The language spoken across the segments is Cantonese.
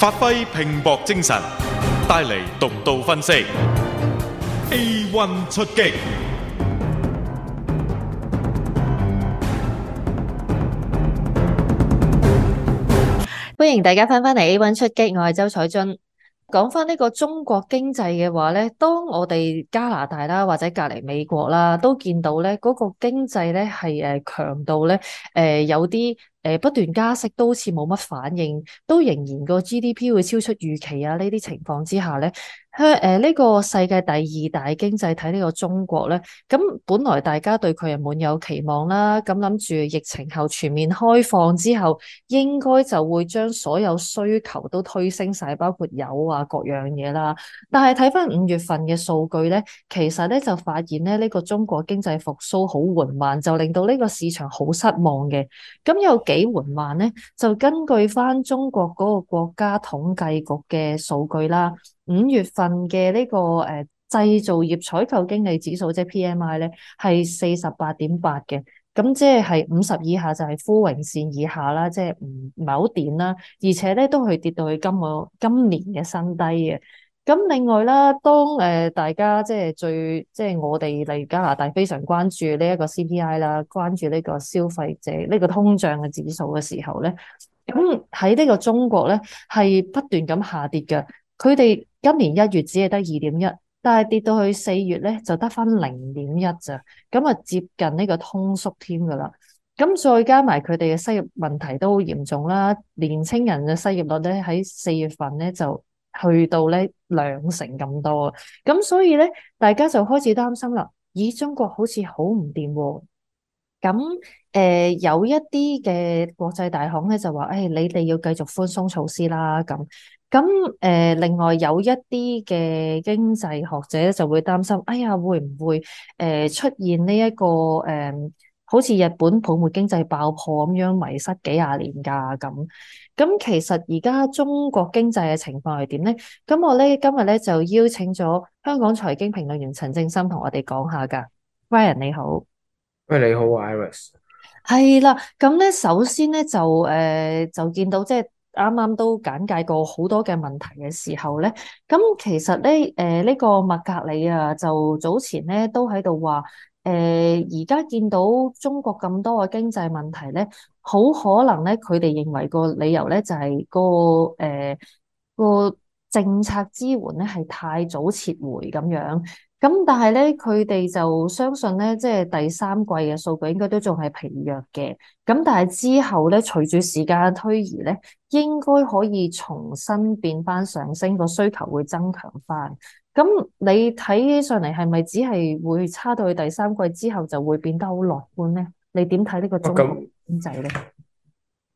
發揮拼搏精神，帶嚟獨到分析。A one 出擊，歡迎大家翻返嚟 A one 出擊，我係周彩俊。講翻呢個中國經濟嘅話咧，當我哋加拿大啦，或者隔籬美國啦，都見到咧嗰個經濟咧係誒強度咧誒有啲。誒、呃，不斷加息，都好似冇乜反應，都仍然個 GDP 會超出預期啊！呢啲情況之下咧，誒、啊、呢、呃呢個世界第二大經濟體呢個中國咧，咁本來大家對佢係滿有期望啦，咁諗住疫情後全面開放之後，應該就會將所有需求都推升晒，包括油啊各樣嘢啦。但係睇翻五月份嘅數據咧，其實咧就發現咧呢、呢個中國經濟復蘇好緩慢，就令到呢個市場好失望嘅。咁又。幾緩慢咧，就根據返中國嗰個國家統計局嘅數據啦。五月份嘅呢、這個誒、呃、製造業採購經理指數即係 PMI 咧，係四十八點八嘅。咁即係係五十以下就係枯榮線以下啦，即係唔唔係好掂啦。而且咧都係跌到去今個今年嘅新低嘅。咁另外啦，當誒大家即係最即係我哋例如加拿大非常關注呢一個 CPI 啦，關注呢個消費者呢個通脹嘅指數嘅時候咧，咁喺呢個中國咧係不斷咁下跌嘅。佢哋今年一月只係得二點一，但係跌到去四月咧就得翻零點一咋，咁啊接近呢個通縮添㗎啦。咁再加埋佢哋嘅失業問題都好嚴重啦，年青人嘅失業率咧喺四月份咧就。去到咧兩成咁多啊，咁所以咧大家就開始擔心啦。咦，中國好似好唔掂喎。咁誒有一啲嘅國際大行咧就話：誒你哋要繼續寬鬆措施啦。咁咁誒另外有一啲嘅經濟學者咧就會擔心：哎呀，會唔會誒出現呢一個誒？好似日本泡沫經濟爆破咁樣迷失幾廿年㗎咁，咁其實而家中國經濟嘅情況係點咧？咁我咧今日咧就邀請咗香港財經評論員陳正心同我哋講下噶，Brian 你好，喂你好，Iris，係啦，咁咧首先咧就誒、呃、就見到即係啱啱都簡介過好多嘅問題嘅時候咧，咁其實咧誒呢、呃這個麥格里啊，就早前咧都喺度話。誒，而家見到中國咁多嘅經濟問題咧，好可能咧，佢哋認為個理由咧就係、個誒、呃個政策支援咧係太早撤回咁樣。咁但係咧，佢哋就相信咧，即係第三季嘅數據應該都仲係疲弱嘅。咁但係之後咧，隨住時間推移咧，應該可以重新變翻上升，個需求會增強翻。咁你睇上嚟，係咪只係會差到去第三季之後就會變得好樂觀咧？你點睇呢個中國經濟咧？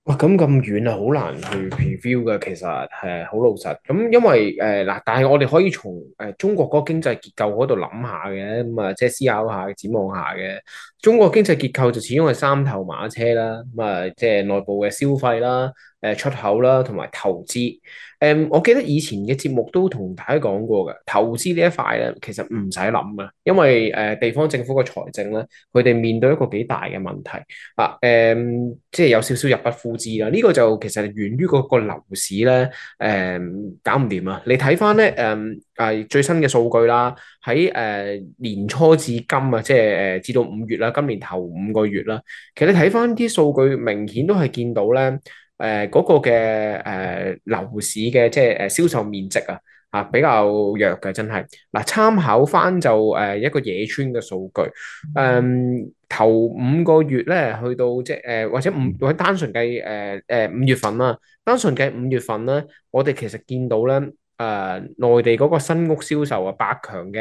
哇，咁咁遠啊，好難去 preview 噶。其實係好老實。咁因為誒嗱，但係我哋可以從誒中國嗰個經濟結構嗰度諗下嘅。咁、嗯、啊，即係思考下展望下嘅。中國經濟結構就始終係三頭馬車啦。咁啊，啊，即係內部嘅消費啦。啊誒出口啦，同埋投資。誒、嗯，我記得以前嘅節目都同大家講過嘅，投資呢一塊咧，其實唔使諗啊，因為誒地方政府嘅財政咧，佢哋面對一個幾大嘅問題啊。誒、嗯，即係有少少入不敷支啦。呢、這個就其實係源於個個樓市咧，誒、嗯、搞唔掂啊。你睇翻咧，誒、嗯、誒最新嘅數據啦，喺誒、嗯、年初至今啊，即係誒至到五月啦，今年頭五個月啦，其實你睇翻啲數據，明顯都係見到咧。誒，嗰、呃那個嘅誒樓市嘅即係誒銷售面積啊，啊比較弱嘅，真係嗱，參、啊、考翻就誒、呃、一個野村嘅數據，誒、嗯、頭五個月咧去到即係誒或者五，或者單純計誒誒五月份啦，單純計五月份咧，我哋其實見到咧。誒，內、呃、地嗰個新屋銷售啊，百強嘅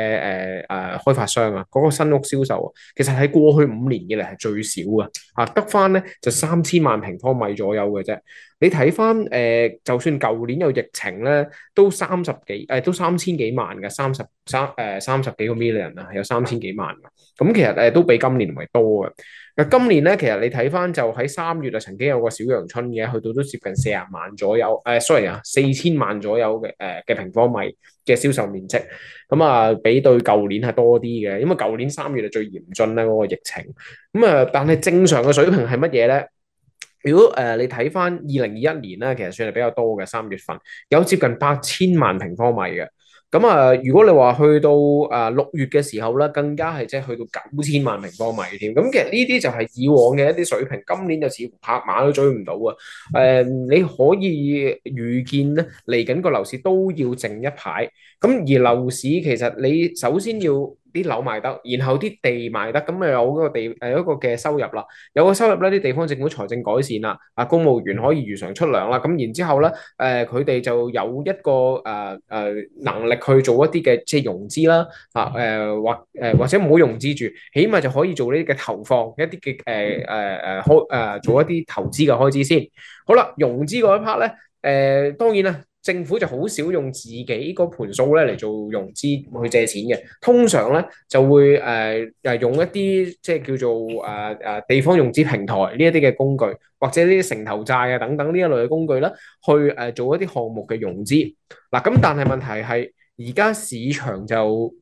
誒誒開發商啊，嗰、那個新屋銷售啊，其實喺過去五年以嚟係最少嘅，啊得翻咧就三千萬平方米左右嘅啫。你睇翻誒，就算舊年有疫情咧，都三十幾誒、呃，都三千幾萬嘅，三十三誒、呃、三十幾個 million 啊，有三千幾萬，咁其實誒都、呃、比今年爲多嘅。嗱，今年咧，其實你睇翻就喺三月啊，曾經有個小陽春嘅，去到都接近四十萬左右，誒，sorry 啊，四千萬左右嘅，誒、呃、嘅平方米嘅銷售面積，咁、嗯、啊，比對舊年係多啲嘅，因為舊年三月係最嚴峻咧嗰個疫情，咁、嗯、啊，但係正常嘅水平係乜嘢咧？如果誒、呃，你睇翻二零二一年咧，其實算係比較多嘅三月份，有接近八千萬平方米嘅。咁啊，如果你話去到啊六月嘅時候咧，更加係即係去到九千萬平方米添。咁其實呢啲就係以往嘅一啲水平，今年就似乎拍馬都追唔到啊。誒、嗯，你可以預見咧，嚟緊個樓市都要靜一排。咁而樓市其實你首先要，啲樓賣得，然後啲地賣得，咁咪有嗰個地係一個嘅收入啦。有個收入咧，啲地方政府財政改善啦，啊，公務員可以如常出糧啦。咁然之後咧，誒佢哋就有一個誒誒、呃呃、能力去做一啲嘅即係融資啦，啊誒或誒或者唔好融資住，起碼就可以做呢啲嘅投放，一啲嘅誒誒誒開誒做一啲投資嘅開支先。好啦，融資嗰一 part 咧，誒、呃、當然啊。政府就好少用自己嗰盤數咧嚟做融資去借錢嘅，通常咧就會誒、呃、用一啲即係叫做誒誒、呃、地方融資平台呢一啲嘅工具，或者呢啲城投債啊等等呢一類嘅工具啦，去誒、呃、做一啲項目嘅融資。嗱、啊，咁但係問題係而家市場就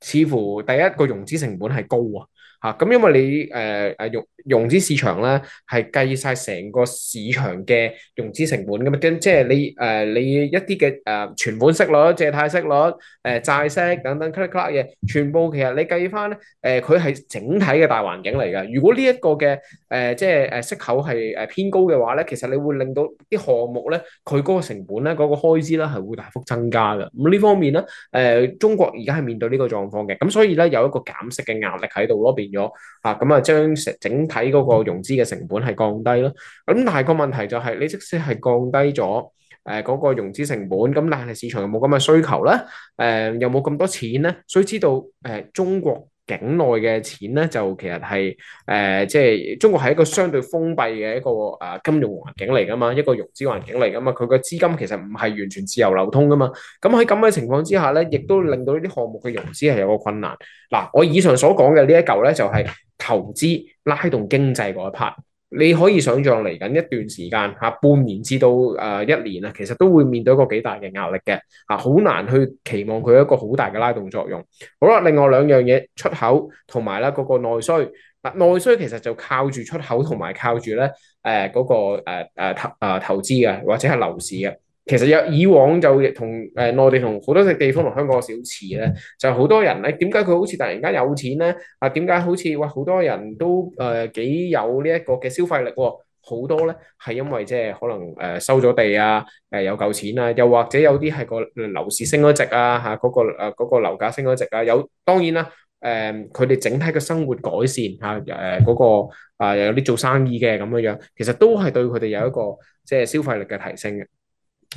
似乎第一個融資成本係高啊。嚇，咁因為你誒誒融融資市場咧係計晒成個市場嘅融資成本㗎嘛，即係你誒、呃、你一啲嘅誒存款息率、借貸息率、誒、呃、債息等等 cut cut 嘢全部其實你計翻咧誒佢係整體嘅大環境嚟㗎。如果呢一個嘅誒、呃、即係誒息口係誒偏高嘅話咧，其實你會令到啲項目咧佢嗰個成本咧嗰、嗰個開支啦係會大幅增加㗎。咁呢方面咧誒、呃、中國而家係面對呢個狀況嘅，咁所以咧有一個減息嘅壓力喺度咯，咗啊，咁啊將成整體嗰個融資嘅成本係降低咯。咁但係個問題就係，你即使係降低咗誒嗰個融資成本，咁但係市場又冇咁嘅需求啦，誒、呃、又冇咁多錢咧。所以知道誒、呃、中國。境內嘅錢咧，就其實係誒，即、呃、係、就是、中國係一個相對封閉嘅一個誒、啊、金融環境嚟㗎嘛，一個融資環境嚟㗎嘛，佢嘅資金其實唔係完全自由流通㗎嘛。咁喺咁嘅情況之下咧，亦都令到呢啲項目嘅融資係有個困難。嗱，我以上所講嘅呢一嚿咧，就係、是、投資拉動經濟嗰一 part。你可以想像嚟緊一段時間嚇，半年至到誒一年啊，其實都會面對一個幾大嘅壓力嘅。嚇好難去期望佢一個好大嘅拉動作用。好啦，另外兩樣嘢，出口同埋咧個個內需啊，內需其實就靠住出口同埋靠住咧誒嗰個誒、呃、投誒、呃、投資嘅，或者係樓市嘅。其實有以往就同誒內地同好多隻地方同香港少少似咧，就係好多人咧點解佢好似突然間有錢咧？啊，點解好似哇好多人都誒幾、呃、有呢一個嘅消費力喎？好多咧係因為即係可能誒收咗地啊，誒、呃、有嚿錢啊，又或者有啲係個樓市升咗值啊，嚇嗰個誒嗰個樓價升咗值啊。有當然啦，誒佢哋整體嘅生活改善嚇誒嗰個啊有啲做生意嘅咁樣樣，其實都係對佢哋有一個即係消費力嘅提升嘅。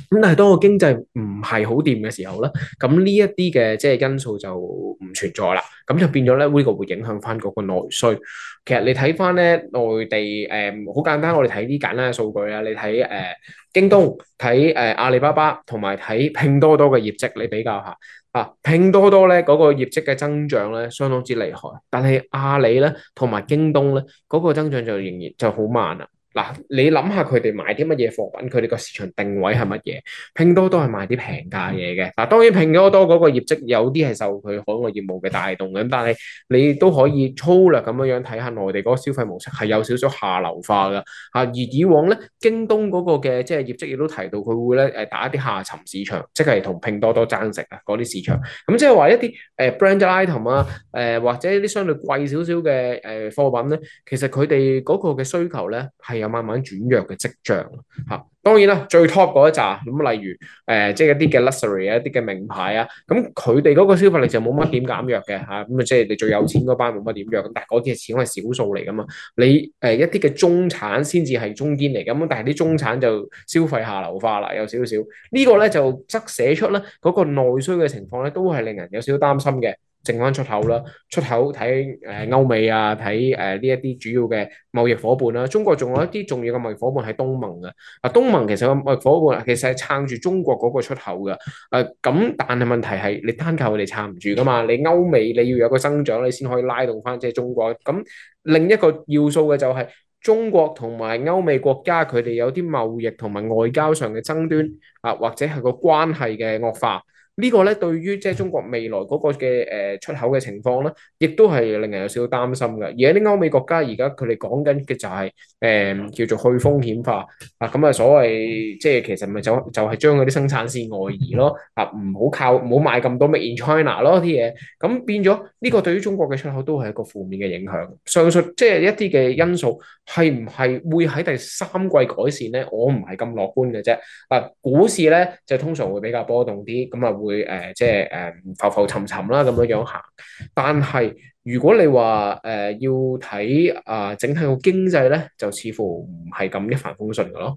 咁但係當個經濟唔係好掂嘅時候咧，咁呢一啲嘅即係因素就唔存在啦，咁就變咗咧呢個會影響翻嗰個內需。其實你睇翻咧內地誒，好、嗯、簡單，我哋睇啲簡單嘅數據啊，你睇誒、呃、京東，睇誒、呃、阿里巴巴，同埋睇拼多多嘅業績，你比較下啊，拼多多咧嗰個業績嘅增長咧相當之厲害，但係阿里咧同埋京東咧嗰、那個增長就仍然就好慢啊。嗱，你諗下佢哋賣啲乜嘢貨品，佢哋個市場定位係乜嘢？拼多多係賣啲平價嘢嘅。嗱，當然拼多多嗰個業績有啲係受佢海外業務嘅帶動嘅，咁但係你都可以粗略咁樣樣睇下內地嗰個消費模式係有少少下流化㗎吓、啊。而以往咧，京東嗰個嘅即係業績亦都提到佢會咧誒打一啲下沉市場，即係同拼多多爭食啊嗰啲市場。咁即係話一啲誒、呃、brand item 啊，誒、呃、或者一啲相對貴少少嘅誒貨品咧，其實佢哋嗰個嘅需求咧係有慢慢轉弱嘅跡象吓，當然啦，最 top 嗰一紮咁，例如誒、呃，即係一啲嘅 luxury 啊，一啲嘅名牌啊，咁佢哋嗰個消費力就冇乜點減弱嘅吓，咁啊，即係你最有錢嗰班冇乜點弱，但係嗰啲嘅錢係少數嚟噶嘛，你誒、呃、一啲嘅中產先至係中堅嚟噶，咁但係啲中產就消費下流化啦，有少少、這個、呢，寫呢、那個咧就折射出咧嗰個內需嘅情況咧，都係令人有少少擔心嘅。剩翻出口啦，出口睇誒歐美啊，睇誒呢一啲主要嘅貿易伙伴啦、啊。中國仲有一啲重要嘅貿易伙伴係東盟嘅。啊，東盟其實個貿易伙伴其實係撐住中國嗰個出口嘅。誒、呃，咁但係問題係你單靠佢哋撐唔住噶嘛？你歐美你要有個增長，你先可以拉動翻即係中國。咁另一個要素嘅就係中國同埋歐美國家佢哋有啲貿易同埋外交上嘅爭端啊，或者係個關係嘅惡化。呢個咧對於即係中國未來嗰個嘅誒出口嘅情況咧，亦都係令人有少少擔心嘅。而喺啲歐美國家而家佢哋講緊嘅就係、是、誒、呃、叫做去風險化啊，咁啊所謂即係其實咪就是就係將嗰啲生產線外移咯啊，唔好靠，唔好買咁多咩 in China 咯啲嘢，咁變咗呢個對於中國嘅出口都係一個負面嘅影響。上述即係一啲嘅因素係唔係會喺第三季改善咧？我唔係咁樂觀嘅啫。啊，股市咧就通常會比較波動啲，咁啊。會誒、呃、即係誒、嗯、浮浮沉沉啦咁樣樣行，但係如果你話誒、呃、要睇啊、呃、整體個經濟咧，就似乎唔係咁一帆風順㗎囉。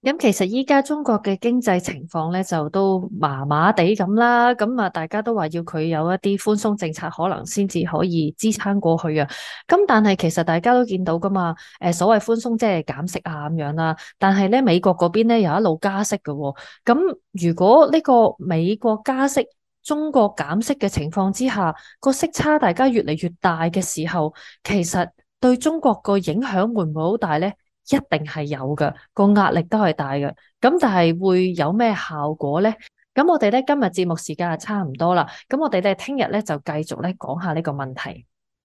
咁其實依家中國嘅經濟情況咧就都麻麻地咁啦，咁啊大家都話要佢有一啲寬鬆政策，可能先至可以支撐過去啊。咁但係其實大家都見到噶嘛，誒所謂寬鬆即係減息啊咁樣啦。但係咧美國嗰邊咧又一路加息嘅喎，咁如果呢個美國加息，中國減息嘅情況之下，個息差大家越嚟越大嘅時候，其實對中國個影響會唔會好大咧？一定係有嘅，個壓力都係大嘅。咁但係會有咩效果呢？咁我哋呢今日節目時間係差唔多啦。咁我哋呢聽日呢就繼續呢講下呢個問題。